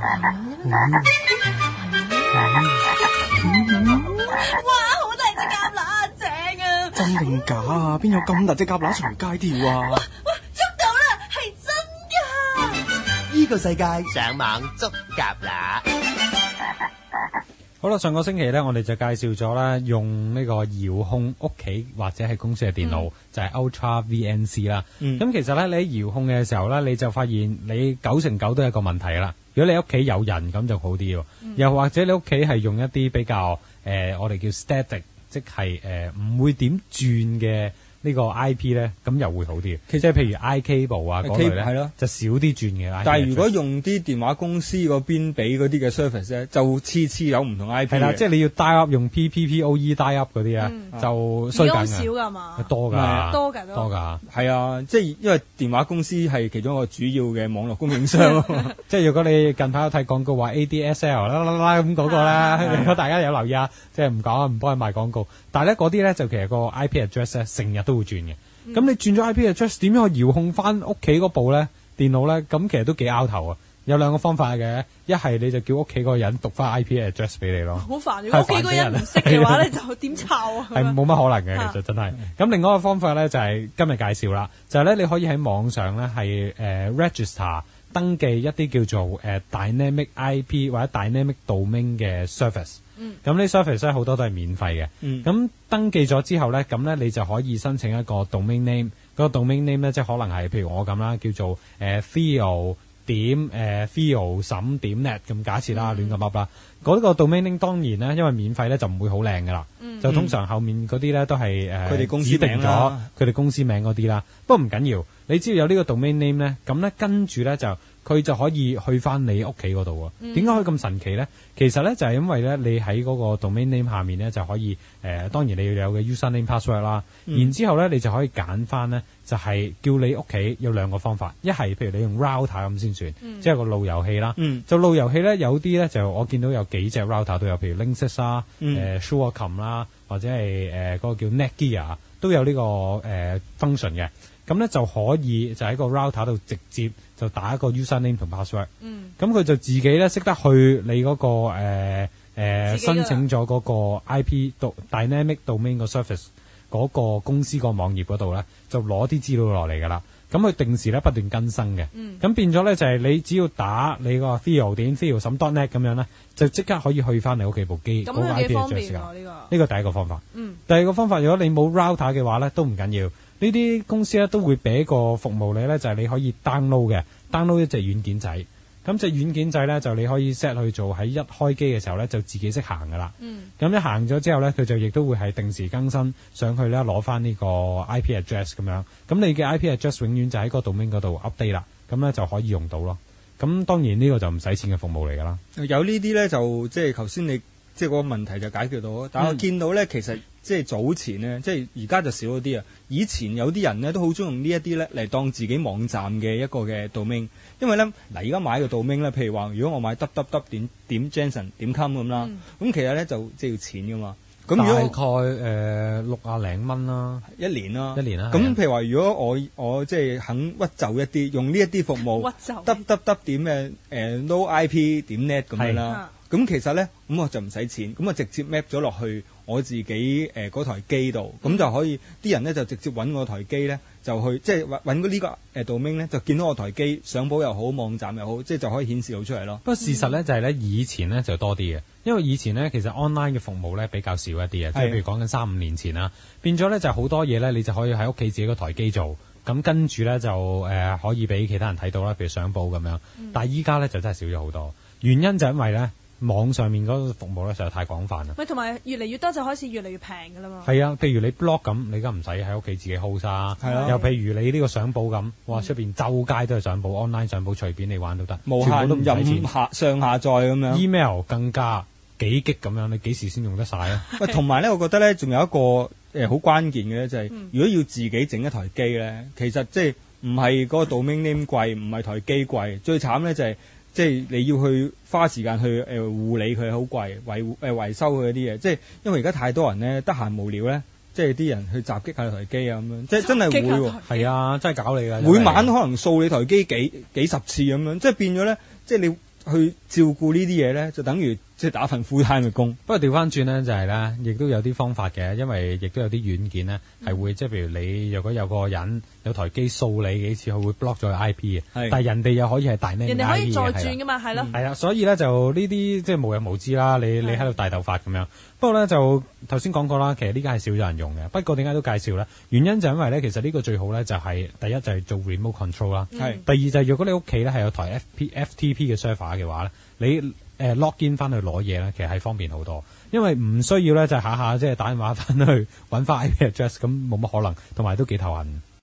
哇！好大隻蛤乸，正啊！真定假啊？邊有咁大隻蛤乸從街跳啊？哇！捉到啦，係真噶！呢個世界上網捉蛤乸。好啦，上個星期咧，我哋就介紹咗啦，用呢個遙控屋企或者係公司嘅電腦，就係 Ultra VNC 啦。咁其實咧，你喺遙控嘅時候咧，你就發現你九成九都係個問題啦。如果你屋企有人咁就好啲喎，嗯、又或者你屋企係用一啲比較誒、呃，我哋叫 static，即係誒唔會點轉嘅。呢、呢個 IP 咧，咁又會好啲，其實譬如 I cable 啊嗰類呢、K、對就少啲轉嘅。但係如果用啲電話公司嗰邊俾嗰啲嘅 service 咧，就次次有唔同 IP。對啦，即係你要 dial up 用 PPPoE dial up 嗰啲、嗯、啊，就衰緊。而家少㗎嘛？多㗎，多㗎多㗎。係啊，即係因為電話公司係其中一個主要嘅網絡供應商。 即係如果你近排睇廣告話 ADSL 啦啦咁講過啦，啊、 如果大家有留意啊，即係唔講唔幫你賣廣告。但係咧嗰啲咧就其實個 IP address 咧成日都會轉嘅，咁、嗯、你轉咗 IP address 點樣去遙控翻屋企嗰部咧電腦咧？咁其實都幾拗頭啊！有兩個方法嘅，一係你就叫屋企嗰個人讀翻 IP address 俾你咯。好煩，如果屋企嗰人唔識嘅話，呢， 就點抄啊？係冇乜可能嘅。啊，其實真係。咁另外一個方法咧就係今日介紹啦，就係、是、咧、就是、你可以喺網上咧係誒 register 登記一啲叫做誒、呃、dynamic IP 或者 dynamic domain 嘅 service。咁、嗯、呢 service 咧好多都係免費嘅，咁、嗯、登記咗之後咧，咁咧你就可以申請一個 domain name，嗰個 domain name 咧即係可能係譬如我咁啦，叫做 feel、呃、點 feel 沈點 net 咁假設啦，嗯、亂咁噏啦，嗰、嗰個 domain name 當然呢，因為免費咧就唔會好靚㗎啦。嗯就通常後面嗰啲咧都係公司定咗佢哋公司名嗰啲啦。不過唔緊要，你只要有呢個 domain name 咧，咁咧跟住咧就佢就可以去翻你屋企嗰度喎。點、嗯、解可以咁神奇咧？其實咧就係、是、因為咧你喺嗰個 domain name 下面咧就可以誒、呃，當然你要有嘅 username password 啦。嗯、然之後咧你就可以揀翻咧，就係、是、叫你屋企有兩個方法，一係譬如你用 router 咁先算，嗯、即係個路由器啦。嗯、就路由器咧有啲咧就我見到有幾隻 router 都有，譬如 Linksys 啊、Surecom 啦。嗯呃或者係誒嗰個叫 Netgear 都有呢、這個誒 function 嘅，咁、呃、咧就可以就喺個 router 度直接就打一個 username 同 password。嗯，咁佢就自己咧識得去你嗰、那個誒、呃呃、申請咗嗰個 IP Dynamic Domain 個 service 嗰個公司個網頁嗰度咧，就攞啲資料落嚟㗎啦。咁佢定時咧不斷更新嘅，咁、嗯、變咗咧就係、是、你只要打你個 feel 點 feel some dot net 咁樣咧，就即刻可以去翻你屋企部機，冇拉片嘅時間。呢、那個呢、啊這個這個第一個方法、嗯。第二個方法，如果你冇 router 嘅話咧，都唔緊要。呢啲公司咧都會俾個服務你咧，就係、是、你可以 download 嘅、嗯、，download 一隻軟件仔。咁隻軟件制咧，就你可以 set 去做喺一開機嘅時候咧，就自己識行噶啦。咁、嗯、一行咗之後咧，佢就亦都會係定時更新上去咧，攞翻呢個 IP address 咁樣。咁你嘅 IP address 永遠就喺個 domain 嗰度 update 啦。咁咧就可以用到咯。咁當然呢個就唔使錢嘅服務嚟㗎啦。有呢啲咧，就即係頭先你即係嗰個問題就解決到。但係我見到咧、嗯、其實。即係早前呢，即係而家就少咗啲啊！以前有啲人呢，都好中意用呢一啲咧嚟當自己網站嘅一個嘅 domain，因為咧嗱，而家買個 domain 咧，譬如話，如果我買 w w w 點點 Jenson 點 com 咁啦，咁其實咧就即係要錢噶嘛。咁大概誒、呃、六啊零蚊啦，一年啦、啊。一年啦、啊。咁譬如話，如果我我即係肯屈就一啲，用呢一啲服務，屈就 w w w 點嘅 no IP 點 net 咁樣啦。咁其實咧，咁我就唔使錢，咁我就直接 map 咗落去。我自己誒嗰、呃、台機度，咁就可以啲、嗯、人咧就直接揾我台機咧，就去即係揾到呢個誒、呃、道明咧，就見到我台機相簿又好，網站又好，即係就可以顯示到出嚟咯。不過事實咧就係咧，以前咧就多啲嘅，因為以前咧其實 online 嘅服務咧比較少一啲啊，即係譬如講緊三五年前啦，變咗咧就係好多嘢咧，你就可以喺屋企自己嗰台機做，咁跟住咧就誒、呃、可以俾其他人睇到啦，譬如相簿咁樣。嗯、但係依家咧就真係少咗好多，原因就因為咧。網上面嗰個服務咧，實在太廣泛啦。咪同埋越嚟越多，就開始越嚟越平㗎啦嘛。係啊，譬如你 blog 咁，你而家唔使喺屋企自己 hold、啊啊、又譬如你呢個相簿咁、啊，哇出面周街都係、嗯、相簿，online 相簿隨便你玩都得，冇限都錢任下上下載咁樣。email 更加幾激咁樣，你幾時先用得晒、啊？咧、啊？喂，同埋咧，我覺得咧，仲有一個好、呃、關鍵嘅咧、就是，就、嗯、係如果要自己整一台機咧，其實即係唔係嗰個 domain name 貴，唔係台機貴，最慘咧就係、是。即係你要去花時間去誒、呃、護理佢，好貴維護誒維修佢啲嘢。即係因為而家太多人咧，得閒無聊咧，即係啲人去襲擊下台機啊咁樣。即係真係會，係啊，真係搞你噶。每晚可能掃你台機幾幾十次咁樣。即係變咗咧，即係你去照顧呢啲嘢咧，就等於。即係打份 full time 嘅工，不過調翻轉咧就係咧，亦都有啲方法嘅，因為亦都有啲軟件咧係會，嗯、即係譬如你若果有個人有台機掃你幾次，佢會 block 咗 IP 係，但係人哋又可以係大咩 IP 人哋可以再轉噶嘛，係咯。係啦、嗯、所以咧就呢啲即係無日無知啦，你你喺度大頭發咁樣不呢。不過咧就頭先講過啦，其實呢家係少有人用嘅。不過點解都介紹咧？原因就因為咧，其實呢個最好咧就係、係、第一就係做 remote control 啦、嗯，第二就係如果你屋企咧係有台 FP, FTP FTP 嘅 server 嘅話咧，你。呃、lock in 翻去攞嘢咧，其實係方便好多，因為唔需要咧，就是、下下即係打電話翻去揾翻 IP address，咁冇乜可能，同埋都幾頭痕。